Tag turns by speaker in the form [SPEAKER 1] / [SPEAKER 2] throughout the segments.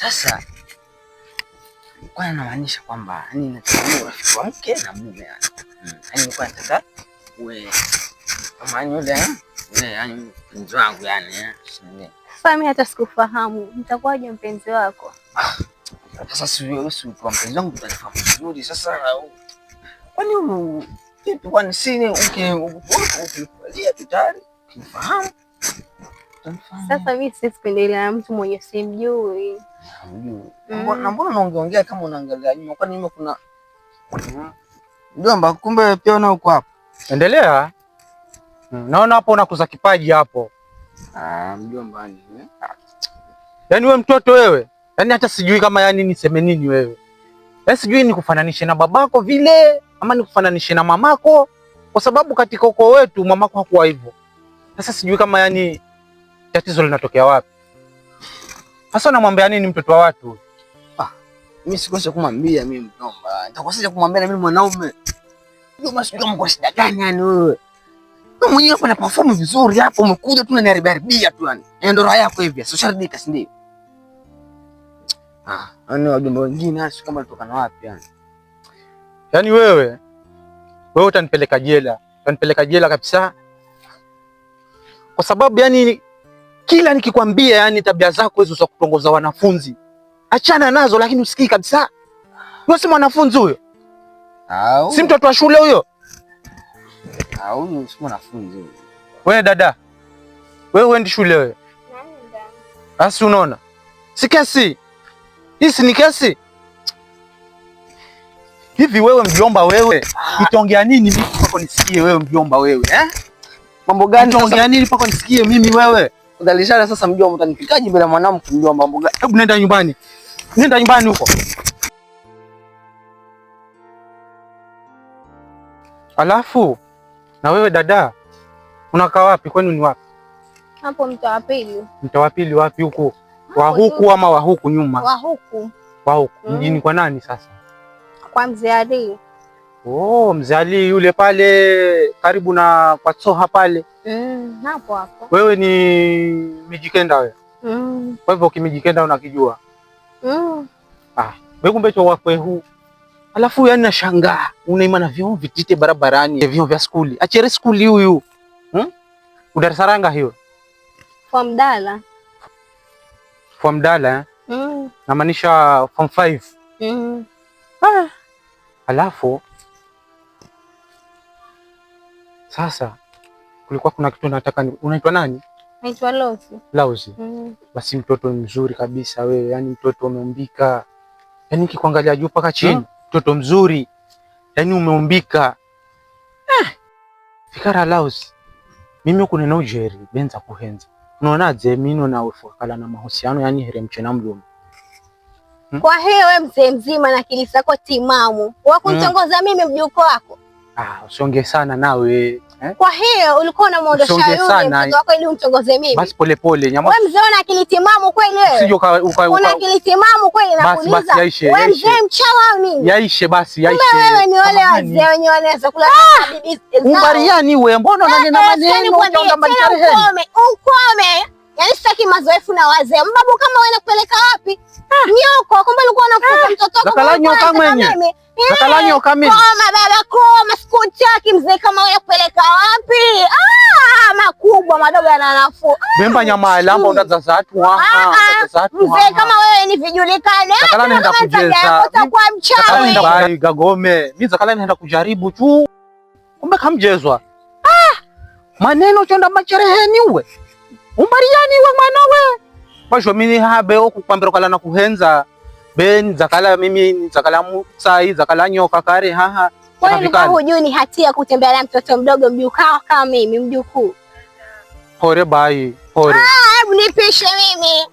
[SPEAKER 1] Sasa nilikuwa namaanisha kwamba yani natamani urafiki wa mke na mume yani. Hmm, yani nilikuwa nataka uwe kama yule eh, yule yani mpenzi wangu yani. Eh,
[SPEAKER 2] sasa mimi hata sikufahamu, nitakuwaje mpenzi
[SPEAKER 1] wako? Ah, sasa si wewe si kwa mpenzi wangu utanifahamu vizuri. Sasa kwani vipi? Kwani sini ukikubalia tu tayari ukifahamu.
[SPEAKER 2] Sasa mimi sipendelea mtu mwenye simjui.
[SPEAKER 1] Mm. Na mbona unaongeongea kama unaangalia nyuma, kwani nyuma kuna mjomba? Mm. Kumbe pia na uko hapo.
[SPEAKER 3] Endelea, mm. naona hapo unakuza kipaji hapo.
[SPEAKER 1] Ah, mjomba
[SPEAKER 3] Yaani mtoto wewe, yaani hata sijui kama yani niseme nini wewe, yaani sijui nikufananishe na babako vile ama nikufananishe na mamako, kwa sababu katika ukoo wetu mamako hakuwa hivyo. Sasa sijui kama yani tatizo linatokea wapi? Hasa namwambia nini mtoto wa watu?
[SPEAKER 1] Ah, mimi sikosa kumwambia mimi mnomba. Nitakosa kumwambia mimi mwanaume. Ndio masikio mko shida gani yani wewe? Wewe mwenyewe una perform vizuri hapo, umekuja tu unaniharibia haribia tu yani. Ndio raha yako hivi, sio sharika si ndio? Ah, ana yaani wajumbe wengine hasa kama na
[SPEAKER 3] wapi yani? Yaani wewe wewe utanipeleka jela. Utanipeleka jela kabisa. Kwa sababu yani kila nikikwambia, yani tabia zako hizo za kutongoza wanafunzi achana nazo, lakini usikii kabisa. Wewe si mwanafunzi huyo, si mtoto wa shule huyo. Wewe dada, wewe uendi shule wewe? Basi ah, unaona si kesi hisi, ni kesi hivi. Wewe mjomba, wewe nitaongea nini mpaka nisikie? Wewe mjomba, wewe eh, mambo gani nitaongea nini mpaka nisikie mimi wewe Udhalishana sasa, mjua mtanipikaje bila mwanangu kumjua mambo gani? Hebu nenda nyumbani, nenda nyumbani huko. Alafu na wewe dada, unakaa wapi? Kwenu
[SPEAKER 2] ni wapi? Hapo mtaa wa pili.
[SPEAKER 3] Mtaa wa pili wapi? Huku wa huku ama wa huku
[SPEAKER 2] nyuma? Wa huku.
[SPEAKER 3] Wa huku mm. mjini. Kwa nani sasa?
[SPEAKER 2] Kwa mzee Ali.
[SPEAKER 3] Oh, mzali yule pale karibu na kwa Tsoha pale mm, hapo hapo. Wewe ni Mijikenda wewe mm. Kwa hivyo kimijikenda unakijua mm. Ah, wewe kumbe cho wakwe huu alafu yani nashangaa unaimana vyoo vitite barabarani vyombo vya skuli achere skuli huyu hmm? udarasaranga hiyo form dala form dala eh? mm. namaanisha form 5 mm. Ah. Alafu sasa kulikuwa kuna kitu nataka, unaitwa nani?
[SPEAKER 2] Naitwa Lausi.
[SPEAKER 3] Lausi. Mm. Basi mtoto mzuri kabisa wewe, yani mtoto umeumbika, yani kikuangalia juu mpaka chini mm. Mtoto mzuri yani umeumbika eh. Fikara Lausi, mimi ukunena ujeri benza kuhenza unaonaje? mimi nina ufukala na mahusiano yani here mchena mlume
[SPEAKER 2] hmm? Kwa hiyo wewe mzee mzima na kilisako timamu timamu wakuntongoza mm. mimi mjuko wako
[SPEAKER 3] Ah, usonge sana nawe eh?
[SPEAKER 2] Kwa hiyo ulikuwa na unamwondosha yule mtoto wako ili umtongoze
[SPEAKER 3] mimi? Basi polepole
[SPEAKER 2] nyama. Wewe mzee una akili timamu kweli
[SPEAKER 3] wewe? Una akili
[SPEAKER 2] timamu kweli
[SPEAKER 3] nakuuliza. Basi basi yaishe. Wewe
[SPEAKER 2] mzee mchawa au
[SPEAKER 3] nini? Yaishe basi
[SPEAKER 2] yaishe. Wewe ni wale wazee wenye wanaweza kula ah! bibi.
[SPEAKER 3] Umbariani wewe mbona unanena eh, eh,
[SPEAKER 2] maneno unaonga maneno. Ukome, ukome. Yaani sitaki mazoefu na wazee. Mbabu kama wewe nakupeleka wapi? Ah! Nyoko, kumbe ulikuwa unakuta ah! mtoto
[SPEAKER 3] wako. Nakala nyoka mwenye. Nakala
[SPEAKER 2] nyoka mimi. Koma baba koma, sikutaki mzee kama wewe kupeleka wapi? Ah, makubwa madogo yana nafuu.
[SPEAKER 3] Bemba ah, nyama ya lamba za zatu hapa. Ah, ah,
[SPEAKER 2] mzee kama wewe ni vijulikane.
[SPEAKER 3] Nakala naenda kujeza.
[SPEAKER 2] Utakuwa mchawi.
[SPEAKER 3] Bye Gagome. Mimi zakala naenda kujaribu tu. Kumbe kamjezwa. Ah! Maneno chonda machereheni uwe. Umbariani uwe mwanawe. Basho mimi habe okukwambira kala na kuhenza ben zakala mimi zakala musai zakala nyoka kare haha.
[SPEAKER 2] Hujui ni hatia kutembea na mtoto mdogo mjukao kama mimi mjukuu.
[SPEAKER 3] Pore bai
[SPEAKER 2] pore. Ah, hebu nipishe mimi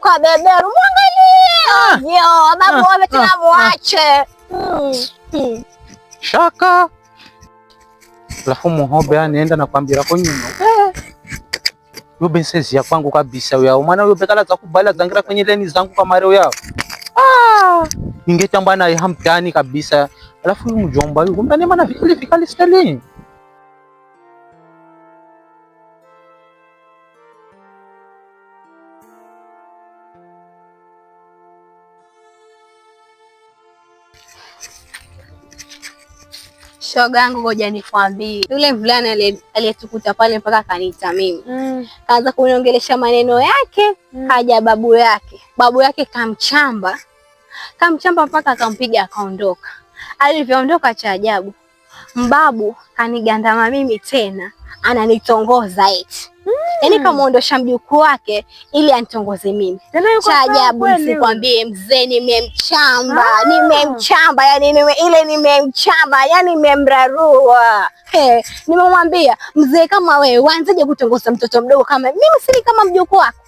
[SPEAKER 2] kwa beberu mwangalie ah. babu ah, ah, tena muache hmm,
[SPEAKER 3] hmm. shaka alafu muhobe anaenda kwambia ko nyuma eh. yobe sezi ya kwangu kabisa uyao mwana yobe kala zakubala zangira kwenye leni zangu mareo yao Ah, ingeta bwana hamtani kabisa. Alafu huyu mjomba huyu kumbe anema vikali vikali stelini.
[SPEAKER 2] Shoga yangu ngoja nikwambie, yule mvulana aliyetukuta pale mpaka kaniita mimi mm. Kaanza kuniongelesha maneno yake mm. Kaja babu yake, babu yake kamchamba Kamchamba mpaka akampiga akaondoka. Alivyoondoka, cha ajabu, mbabu kanigandama mimi tena, ananitongoza eti mm. Yaani kamwondosha mjukuu wake ili anitongoze mimi. Yaani cha ajabu, sikwambie mzee, nimemchamba oh. Nimemchamba yani nime, ile nimemchamba yani nimemrarua Hey, nimemwambia mzee, kama wewe wanzeje kutongoza mtoto mdogo kama mimi? Sini kama mjukuu wako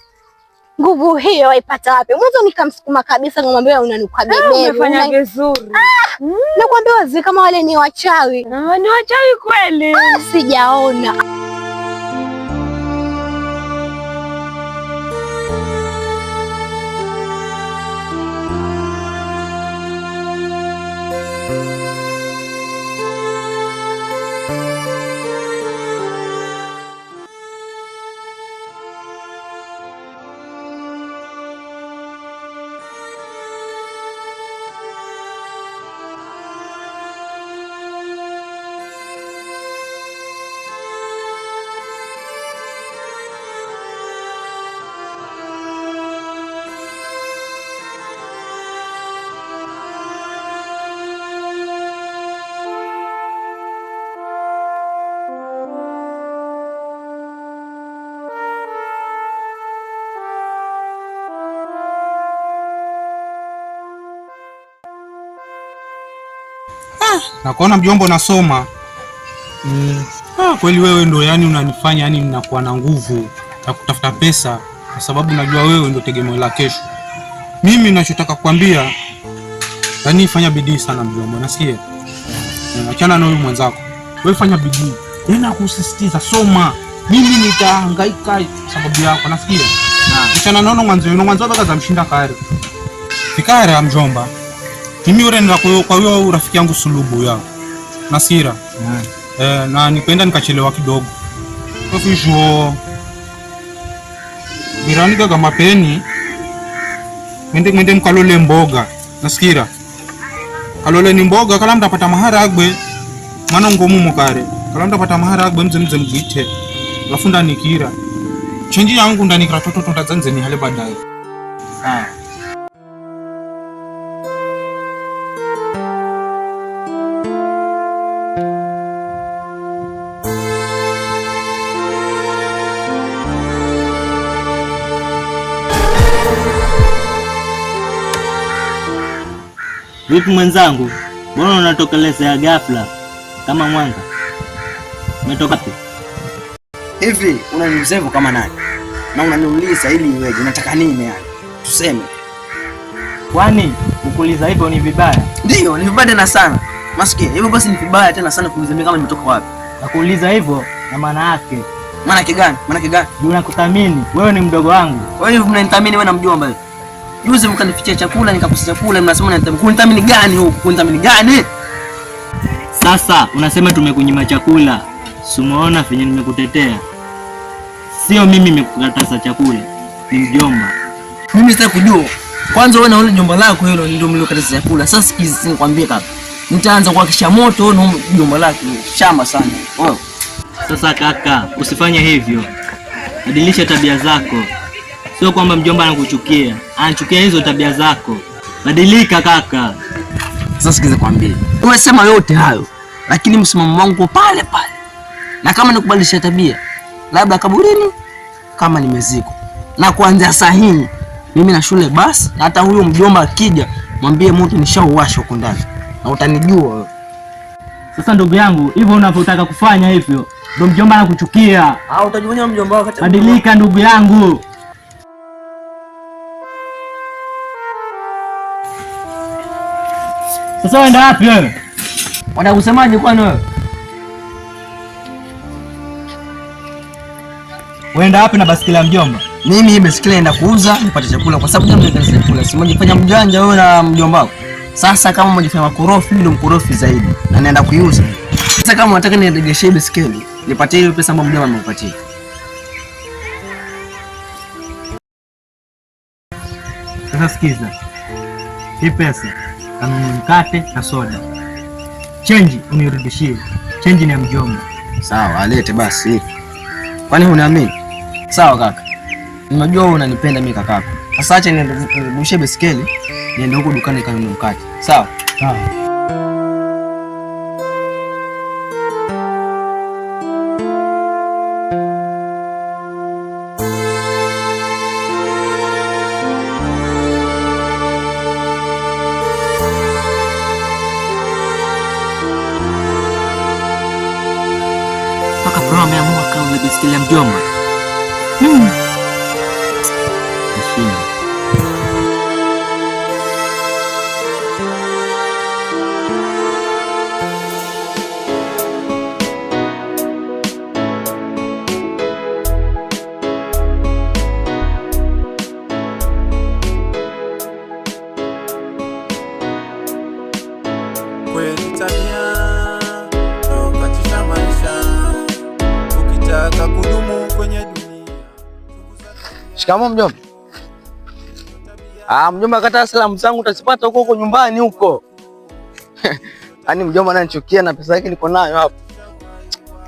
[SPEAKER 2] nguvu hiyo waipata wapi? Mwanzo nikamsukuma kabisa, ngomwambia unanuka beberu.
[SPEAKER 3] Ah, umefanya vizuri.
[SPEAKER 2] Ah! Mm. kuambia wazee kama wale ni wachawi.
[SPEAKER 3] Ah, ni wachawi
[SPEAKER 2] kweli. Sijaona
[SPEAKER 3] na kuona mjomba unasoma mm. Ah, kweli wewe ndo yani unanifanya yani ninakuwa na nguvu ya kutafuta pesa, kwa sababu najua wewe ndo tegemeo la kesho. Mimi ninachotaka kukwambia, yani fanya bidii sana mjomba, nasikia mm, achana na huyu mwenzako. Wewe fanya bidii, tena yaani kusisitiza soma. Mimi nitahangaika sababu yako, nasikia ah. achana naona mwanzo mwanzo, baka za mshinda kare fikara mjomba mimi ule nina kwa hiyo rafiki yangu Sulubu ya Nasira mm. Eh, na nikaenda nikachelewa kidogo kavisho miranigaga mapeni mwende mwende mkalole mboga nasikira kalole ni mboga kala mahara maharagwe mwana ngomu mukare kala mtapata maharagwe mze mze mgwite lafu ndanikira chenji yangu ndanikira tototo tota, ni hale badai ah. Vipi mwenzangu, mbona unatokeleza ya ghafla kama mwanga? Umetoka wapi?
[SPEAKER 1] Hivi unaniuzevu kama nani? Na unaniuliza ili iweje? Nataka nini yani? Tuseme.
[SPEAKER 3] Kwani kukuuliza hivyo ni vibaya?
[SPEAKER 1] Ndio, ni vibaya tena sana. Masikia hivyo basi ni vibaya tena sana kuuliza mimi kama nimetoka wapi.
[SPEAKER 3] Nakuuliza hivyo na maana yake.
[SPEAKER 1] Maana yake gani? Maana yake gani?
[SPEAKER 3] Unakuthamini. Wewe ni mdogo wangu. Wewe hivi
[SPEAKER 1] mnanithamini wewe na mjomba. Juzi mkanifichia chakula nikakosa chakula, mnasema kunithamini gani huku? Kunithamini gani?
[SPEAKER 3] Sasa unasema tumekunyima chakula, si umeona venye nimekutetea? Sio mimi nimekukataza chakula, ni mjomba.
[SPEAKER 1] Mimi sitaki kujua. Kwanza wewe na yule jomba lako hilo ndio mliokataza chakula. Sasa sikizi, nikwambie kaka, nitaanza kuhakisha moto na jomba lako shamba sana. Oh.
[SPEAKER 3] Sasa kaka, usifanye hivyo, badilisha tabia zako. Sio kwamba mjomba anakuchukia, anachukia hizo tabia zako. Badilika kaka.
[SPEAKER 1] Sasa sikiza kwambie, umesema yote hayo, lakini msimamo wangu pale pale, na kama nikubadilisha tabia, labda kaburini, kama nimezikwa. Na kuanzia saa hii mimi na shule basi, na hata huyo mjomba akija, mwambie moto nishauwasha huko ndani na utanijua.
[SPEAKER 3] Sasa ndugu yangu, hivyo unavyotaka kufanya hivyo, ndo mjomba anakuchukia. Ah, utajua mjomba wako. Badilika ndugu yangu. Sasa waenda wapi wewe? Wanakusemaje kwani wewe? Waenda wapi na basikeli ya mjomba?
[SPEAKER 1] Mimi hii basikeli naenda kuuza nipate chakula kwa sababu ndio chakula. Si mjifanya mjanja wewe na mjomba wako. Sasa kama mjifanya makorofi ndio mkorofi zaidi na naenda kuiuza. Sasa kama unataka niendegeshe hii basikeli, nipate ile pesa ambayo mjomba amenipatia.
[SPEAKER 3] Sasa sikiza. Hii pesa kanunue mkate na soda, chenji unirudishie. Chenji ni ya mjomba.
[SPEAKER 1] Sawa, alete basi. Kwani huniamini? Sawa kaka, unajua wewe unanipenda mimi kakako. Sasa acha nirudishie besikeli, niende huko dukani kanunue mkate. Sawa, sawa.
[SPEAKER 3] Shikamoo mjomba. Ah, mjomba kata salamu zangu utazipata huko huko nyumbani huko. Yaani mjomba ananichukia na pesa yake niko nayo hapo.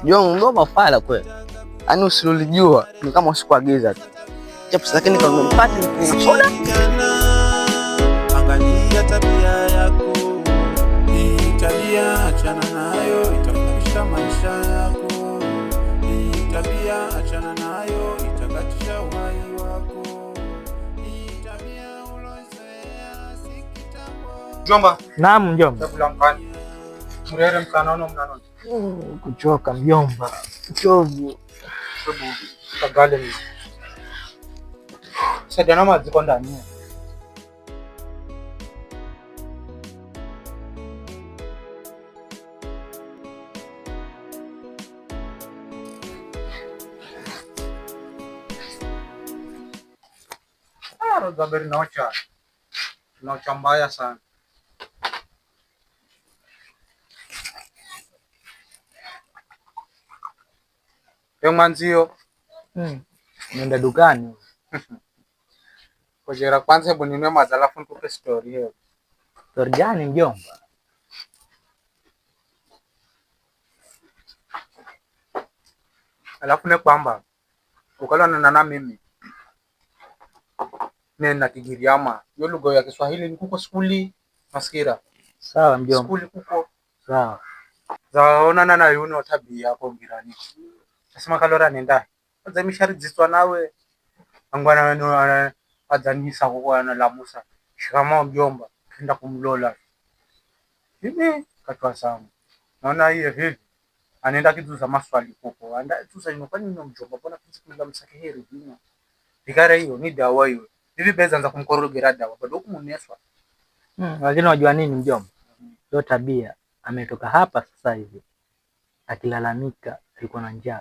[SPEAKER 3] Mjomba ndo mafala kweli. Yaani usilolijua ni kama usikuagiza tu. Cha pesa yake nikampata nikisoda. Mjomba. Naam mjomba. Mrere mkanano mnanoni. Mm, kuchoka mjomba. Chovu. Sababu kagale ni. Sada na mazi kwa ndani. Ah, Roza beri nocha, mbaya sana. emanziyo mm. Nenda dukani kojera kwanza, hebu ninue maza alafu nikupe story hiyo. Story gani mjomba? Alafu ne kwamba ukalonana na mimi nena Kigiriama, hiyo lugha ya Kiswahili kuko skuli masikira. Sawa mjomba, skuli kuko sawa zaonana na yuno tabia yako ngirani Nasema kalora nenda. Kwanza imesharijistwa nawe. Angwana wana adhanisa huko analamusa. Shikama mjomba, kenda kumlola. Hivi katwa sangu. Naona hiyo hivi. Anaenda kitu za maswali huko. Anda tu ino imefanya nini mjomba? Mbona kitu kila msake heri bima. Bigara hiyo ni dawa hiyo. Hivi beza anza kumkorogera dawa bado huko mneswa. Mm, lakini unajua nini mjomba? Hiyo tabia ametoka hapa sasa hivi. Akilalamika alikuwa na njaa.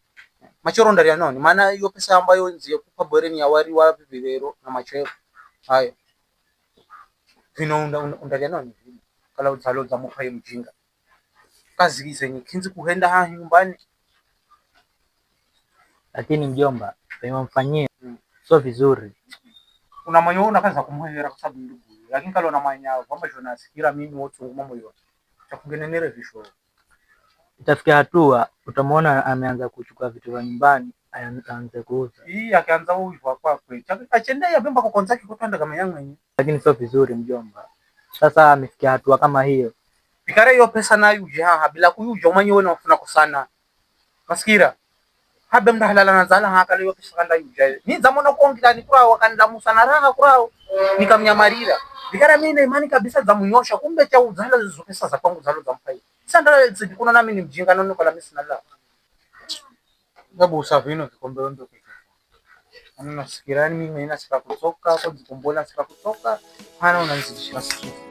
[SPEAKER 3] machoro ndari ya nao, maana hiyo pesa ambayo nziyekupa boreni ya wari wa vivero na machoro hayo vinounda ndani ya nao kala za udzaloza ya mjinga kazi kazikize kinzi kuhenda ha nyumbani. Lakini mjomba wamfanyie hmm, so vizuri unamanya unakaza kumhera kwa sababu ndugu, lakini kala unamanya kwamba shona sikira mimi wote ngoma moyo chakungenenere visho Itafikia hatua utamwona ameanza kuchukua vitu vya nyumbani aanze kuuza. Hii akaanza huyu kwa kwakwe. Achendea bemba kwa konzaki kutanda kama yangu yenyewe. Lakini sio vizuri mjomba. Sasa amefikia hatua kama hiyo. Ikare hiyo pesa na yuje ha bila kuyuja umanyi wewe unafuna kusana. Maskira. Habe mda halala na zala haka leo pesa kanda yuje. Ni zamona kuongea ni kwa wakanda musa na raha kwao. Nikamnyamarira. Ikara mimi na imani kabisa za munyosha kumbe cha uzala zizo pesa za kwangu zalo za mpai. Sasa kuna nami ni mjinga naona kwa mimi sina la. Sababu usafiri ni kikombe ndio kiko. Ana nasikirani mimi na sika kutoka hapo jikombola sika kutoka. Hana unanizidishia siku.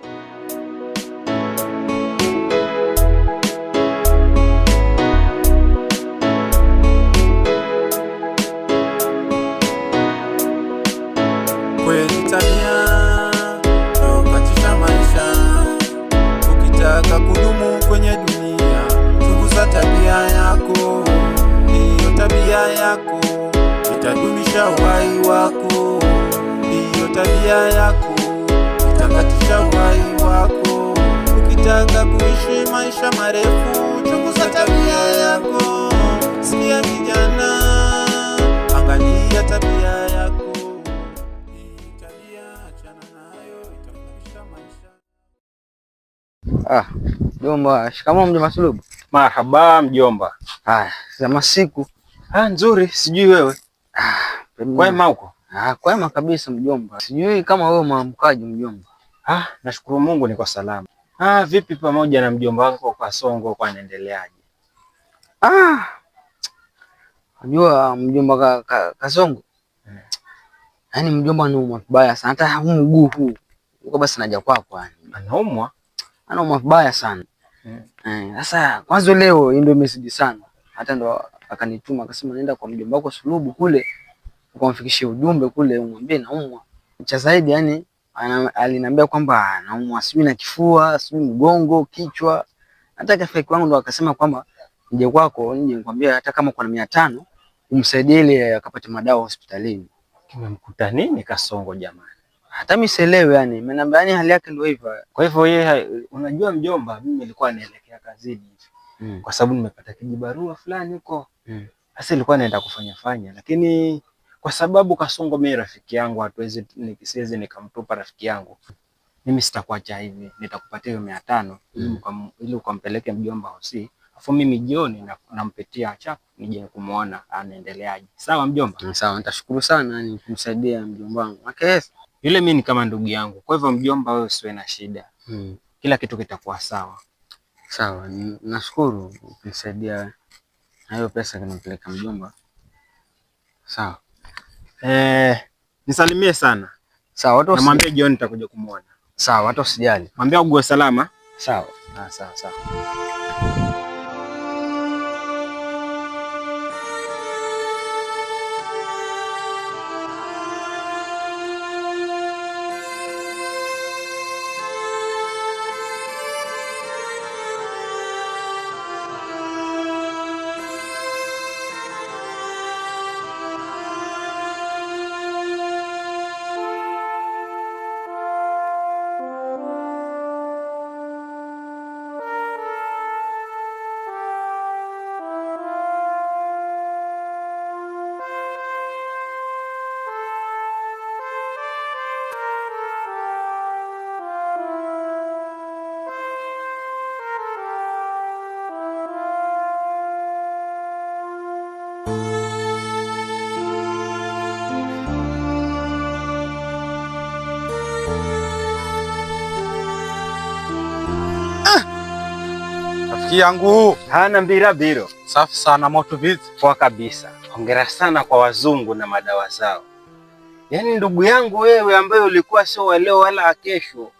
[SPEAKER 3] tabia yako itakatisha uhai wako. Ukitaka kuishi maisha marefu, chunguza tabia yako. Sikia kijana, angalia tabia yako. Ah, mjomba, shikamoo mjomba Sulubu. Marhaba mjomba. Haya, za masiku. Ah, nzuri, sijui wewe. Ah, kwema huko? Ah, kwema kabisa mjomba. Sijui kama wewe umeamkaje mjomba. Ah, nashukuru Mungu niko salama. Ah, vipi pamoja na mjomba wako kwa Songo kwa anaendeleaje? Ah. Unajua mjomba ka, ka, Kasongo. Hmm. Yaani Mjomba anaumwa vibaya sana. Hata huu mguu huu. Uko basi naja kwako yani. Anaumwa? Anaumwa vibaya sana. Hmm. Eh, sasa yeah. Eh, kwanza leo ndio imezidi sana. Hata ndo akanituma akasema naenda kwa mjomba wako Sulubu kule kukamfikishia ujumbe kule umwambie naumwa. Cha zaidi yani aliniambia kwamba naumwa sijui na kifua, sijui mgongo, kichwa. Hata rafiki wangu ndo akasema kwamba nije kwako, nije nikwambia hata kama kwa mia tano umsaidie ile akapata madawa hospitalini. Kimemkuta nini Kasongo jamani? Hata mimi sielewi yani, ameniambia yani hali yake ndio hivyo. Kwa hivyo yeye, unajua mjomba, mimi nilikuwa naelekea kazini hivi. Mm. Kwa sababu nimepata kijibarua fulani huko. Mm. Sasa nilikuwa naenda kufanya fanya, lakini kwa sababu Kasongo mimi rafiki yangu, hatuwezi siwezi nikamtupa rafiki yangu. Mimi sitakuacha hivi, nitakupatia hiyo mia tano ili mm. ukampeleke mjomba hosi, afu mimi jioni nampitia chako nije kumuona anaendeleaje. Sawa mjomba? Mm, sawa, nitashukuru sana ni kumsaidia mjomba wangu. Okay. Yule mimi ni kama ndugu yangu, kwa hivyo mjomba, wewe usiwe na shida mm. Kila kitu kitakuwa sawa sawa. Nashukuru ukisaidia na hiyo pesa, kinampeleka mjomba. Sawa. Eh, nisalimie sana. Sawa, watu namwambia jioni nitakuja kumuona. Sawa, watu usijali. Mwambia ugo salama. Sawa. Ah, sawa sawa. yangu. Hana mbira biro. Safi sana moto vipi? Poa kabisa. Hongera sana kwa wazungu na madawa zao. Yaani ndugu yangu wewe ambaye ulikuwa sio wa leo wala kesho,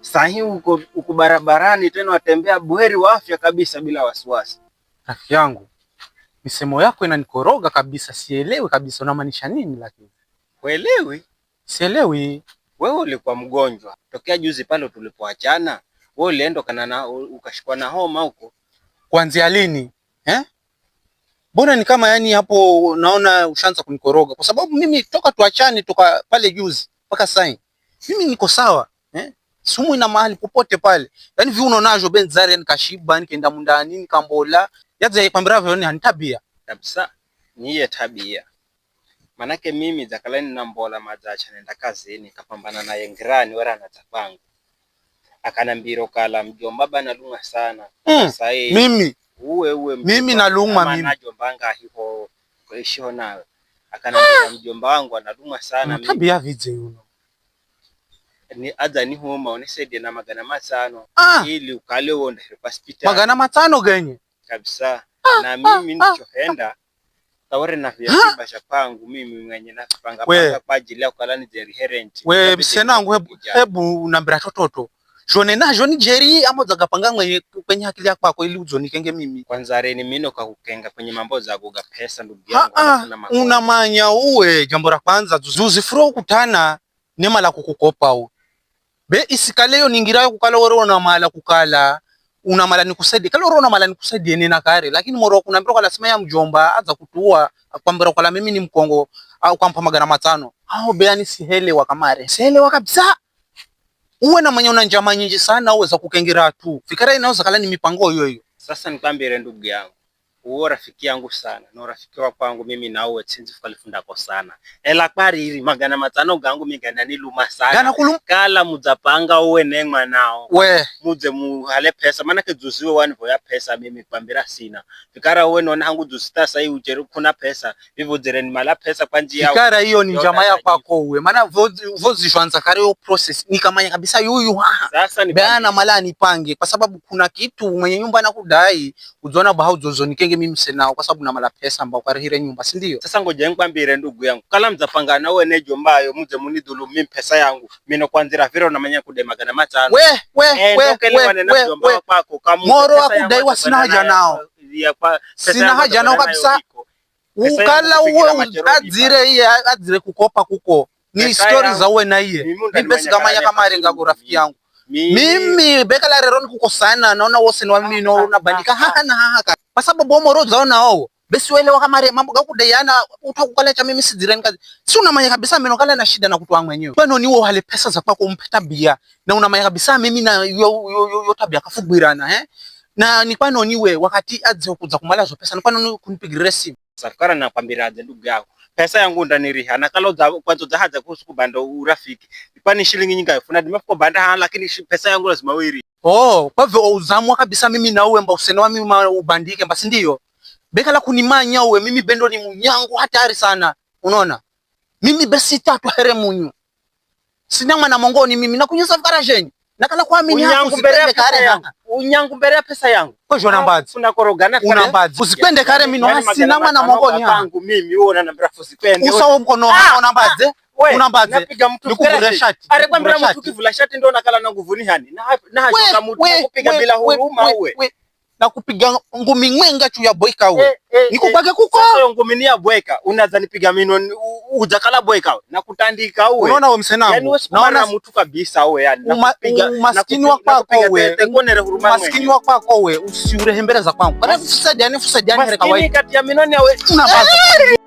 [SPEAKER 3] saa hii uko, uko barabarani tena watembea buheri wa afya kabisa bila wasiwasi. Rafiki yangu, misemo yako inanikoroga kabisa, sielewi kabisa unamaanisha nini lakini. Uelewi? Sielewi. Wewe ulikuwa mgonjwa tokea juzi pale tulipoachana. Wewe ulienda ukashikwa na homa huko kuanzia lini eh? Mbona ni kama yani hapo naona ushaanza kunikoroga, kwa sababu mimi toka tuachane, toka pale juzi mpaka sasa mimi niko sawa eh? Sumu ina mahali popote pale, yani viuno najo benzari yani kashiba ni kenda mundani ni kambola yaze kwambiravyo ni hanitabia kabisa, ni ile tabia manake mimi zakalani na mbola mazacha nenda kazini kapambana na yengrani wala na tapangu a kana mbiro kala mjomba bana lunga sana mm. Sahi, mimi uwe uwe mimi na lunga mimi na jomba anga hiko kuisho na akana ah. mjomba wangu analungwa sana mimi tabia vije uno ni adha ni homa onesedye na magana matano ah. ili ukale uonda hospitali magana matano genye kabisa ah. na mimi ah. nichohenda ah. tawari na vyatiba ah! cha pangu mimi mwenye na kupanga panga kwa ajili ya ukalani jeri herenti wewe bisenangu hebu hebu unambira tototo jone na jone jeri ambo mwenye kwenye akili yako ako ili udzonike mimi kwanza reni mino kwa kukenga kwenye mambo za kuga pesa ndugu yangu ah, manya uwe jambo la kwanza zuzifuro kutana ni mala kukukopa u be isikale yo ningira yo kukala wore ona mala kukala una mala nikusaidie kala wore ona mala nikusaidie nena kare lakini moro kuna mbiro kala sema ya mjomba aza kutua kwambira kala mimi ni mkongo au kampa magana matano au be ani sihelewa kamare sihelewa kabisa uwe na manyona njama nyingi sana uweza kukengera tu. fikara inaweza kala ni mipango hiyo hiyo. Sasa nikwambie ndugu yangu uwo rafiki yangu sana no rafiki wa kwangu mimi nawe sinzi sana ela kwariri magana matano gangu luma sana kala mudzapanga uwe nengwa nao we mudze muhale pesa ke dzuziwe wanivoya pesa mimi kwambira sina vikara uwe nona hangu dzuzita sai ujeru kuna pesa ni mala pesa kwanjia vikara iyo ni njama ya kwako uwe mana vozizhwanza kare yo process kamanya kabisa yuyu beana mala nipange kwa sababu kuna kitu mwenye nyumba nakudai ni bahaudzozonikenga ngeke mimi msenao kwa sababu na mala pesa ambao kwa hile nyumba, si ndio? Sasa ngoja nikwambire ndugu yangu, kala mzapangana wewe ne jombayo muze munidhulumu mimi pesa yangu mino kwanzira vile unamanya kude magana matano. We we e, we we we we kwako kama moro sina haja nao sina haja nao kabisa, ukala uwe adzire iye adzire kukopa kuko ni stories za uwe na iye ni pesa kama ya kama rafiki yangu mimi beka la rero kuko sana naona wose nwamini nonabandika ah, ah, haha na ah. haha ka pasababu omoro dzaonawo besiwelewa kamare mambo gakudeyana utakukalecha mimi sidzirani kazi si unamanya kabisa mimi nokala na shida na kutu wangu mwenyewe pano niwo hale pesa za kwako umpeta bia na unamanya kabisa mimi na yo, yo, kafugwirana eh na ni pano niwe wakati adze kudza kumala zo pesa ni pano kunipigirira simu safkara nakwambira adze ndugu yako pesa yangu ndaniriha nakala kwanza udzahaza kuhusu kubanda urafiki pani shilingi nyinga elfu nadima banda haa lakini pesa yangu lazima wiri oh kwa hivyo uzamwa kabisa mimi na uwe mba wa mimi ubandike sindiyo beka bekala kunimanya uwe mimi bendo ni munyangu hatari sana unaona mimi besi tatu here munyu sinyama na mongoni mimi kunyusa vikara jenyu Nakala kwa mimi yangu mbere kare pesa yangu. Kwa jona mbazi. Kuna korogana kana mbazi. Usikwende kare yaani mino yaani hasi na mwana mongoni yangu. Mimi wewe unanambia usikwende. Usawo mkono wako na mbazi. Ah, una mbazi. Ah, napiga mtu nikuvulia shati. Are kwa mtu kivula shati ndio nakala na nguvuni hani. Na na hapa mtu kupiga bila huruma wewe na kupiga ngumi mwenga chu ya boika huo eh, eh, niko kwake eh, kuko sasa ngumi ni ya boika Unaanza nipiga mino ujakala boika na kutandika uwe unaona yaani wewe msena wangu naona mtu kabisa wewe yani nakupiga maskini wako wewe tekonere huruma maskini wako wewe usiurehembeleza kwangu kana sasa jani fusa jani kawaida maskini kati ya mino ni wewe una